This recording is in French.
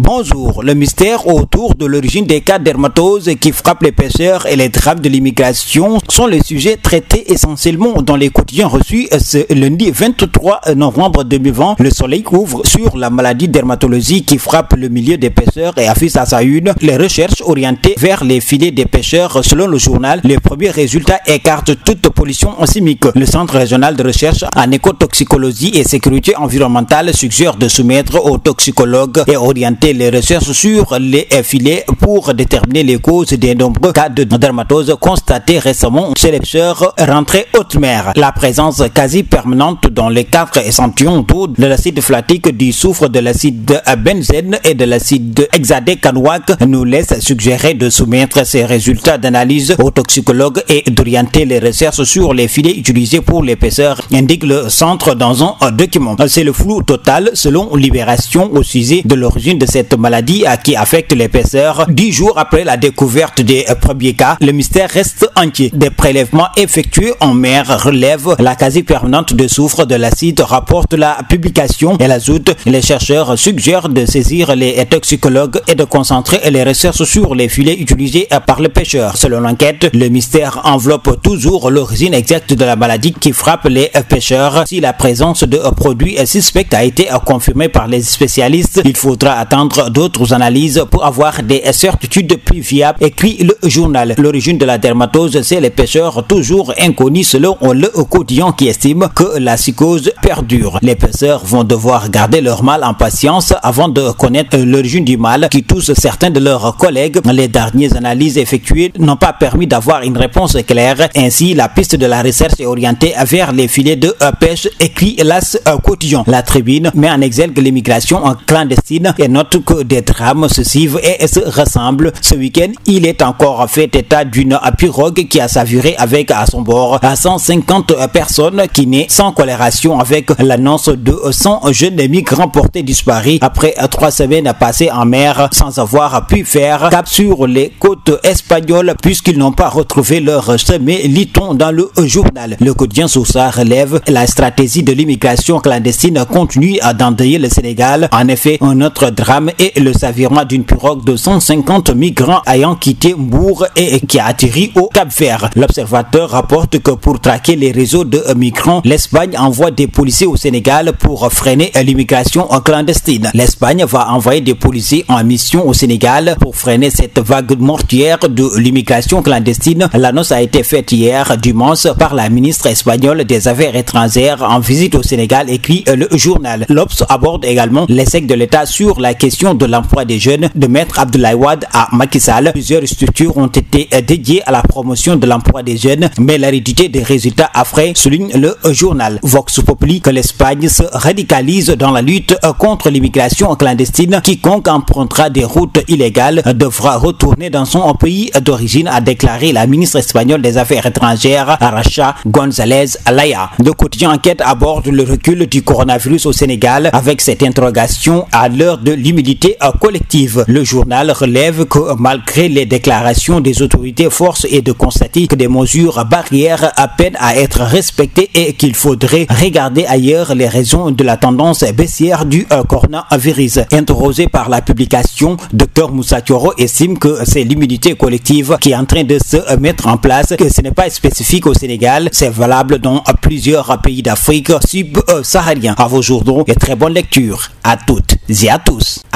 Bonjour, le mystère autour de l'origine des cas d'hermatose qui frappent les pêcheurs et les trappes de l'immigration sont les sujets traités essentiellement dans les quotidiens reçus ce lundi 23 novembre 2020. Le soleil couvre sur la maladie dermatologie qui frappe le milieu des pêcheurs et affiche à sa une les recherches orientées vers les filets des pêcheurs selon le journal. Les premiers résultats écartent toute pollution chimique. Le Centre régional de recherche en écotoxicologie et sécurité environnementale suggère de soumettre aux toxicologues et orientés les recherches sur les filets pour déterminer les causes des nombreux cas de dermatose constatés récemment chez les pêcheurs rentrés haute mer. La présence quasi permanente dans les quatre échantillons d'eau de l'acide flatique, du soufre, de l'acide benzène et de l'acide hexadécanoïque nous laisse suggérer de soumettre ces résultats d'analyse aux toxicologues et d'orienter les recherches sur les filets utilisés pour l'épaisseur, indique le centre dans un document. C'est le flou total selon Libération au sujet de l'origine de ces cette maladie euh, qui affecte les pêcheurs. Dix jours après la découverte des euh, premiers cas, le mystère reste entier. Des prélèvements effectués en mer relèvent la quasi permanente de soufre de l'acide, rapporte la publication. la ajoute, les chercheurs suggèrent de saisir les euh, toxicologues et de concentrer les recherches sur les filets utilisés par les pêcheurs. Selon l'enquête, le mystère enveloppe toujours l'origine exacte de la maladie qui frappe les pêcheurs. Si la présence de produits suspects a été confirmée par les spécialistes, il faudra attendre d'autres analyses pour avoir des certitudes plus viables, écrit le journal. L'origine de la dermatose, c'est les pêcheurs toujours inconnus selon le quotidien qui estime que la psychose perdure. Les pêcheurs vont devoir garder leur mal en patience avant de connaître l'origine du mal qui touche certains de leurs collègues. Les dernières analyses effectuées n'ont pas permis d'avoir une réponse claire. Ainsi, la piste de la recherche est orientée vers les filets de pêche, écrit l'As quotidien. La tribune met en exergue l'immigration clandestine et note que des drames se suivent et se ressemblent. Ce week-end, il est encore fait état d'une pirogue qui a savuré avec à son bord 150 personnes qui n'est sans colération avec l'annonce de 100 jeunes migrants portés disparus après trois semaines passées en mer sans avoir pu faire cap sur les côtes espagnoles puisqu'ils n'ont pas retrouvé leur sommet, lit-on dans le journal. Le quotidien ça relève la stratégie de l'immigration clandestine continue à d'endeuiller le Sénégal. En effet, un autre drame et le savirement d'une pirogue de 150 migrants ayant quitté Mbour et qui a atterri au Cap-Vert. L'observateur rapporte que pour traquer les réseaux de migrants, l'Espagne envoie des policiers au Sénégal pour freiner l'immigration clandestine. L'Espagne va envoyer des policiers en mission au Sénégal pour freiner cette vague mortière de l'immigration clandestine. L'annonce a été faite hier dimanche par la ministre espagnole des Affaires étrangères en visite au Sénégal, écrit le journal. L'Obs aborde également les sec de l'État sur la de l'emploi des jeunes de Maître Abdoulaye Wade à Macky plusieurs structures ont été euh, dédiées à la promotion de l'emploi des jeunes, mais l'aridité des résultats a frais, souligne le euh, journal Vox Populi que l'Espagne se radicalise dans la lutte euh, contre l'immigration clandestine. Quiconque empruntera des routes illégales devra retourner dans son pays d'origine, a déclaré la ministre espagnole des Affaires étrangères, Aracha González Alaya. Le quotidien enquête aborde le recul du coronavirus au Sénégal avec cette interrogation à l'heure de l'immigration euh, collective. Le journal relève que malgré les déclarations des autorités, force et de constater que des mesures barrières à à être respectées et qu'il faudrait regarder ailleurs les raisons de la tendance baissière du euh, coronavirus. Interrogé par la publication, Dr Moussa estime que c'est l'immunité collective qui est en train de se euh, mettre en place, que ce n'est pas spécifique au Sénégal, c'est valable dans plusieurs pays d'Afrique subsaharien. À vos journaux et très bonne lecture à toutes. Ziatus.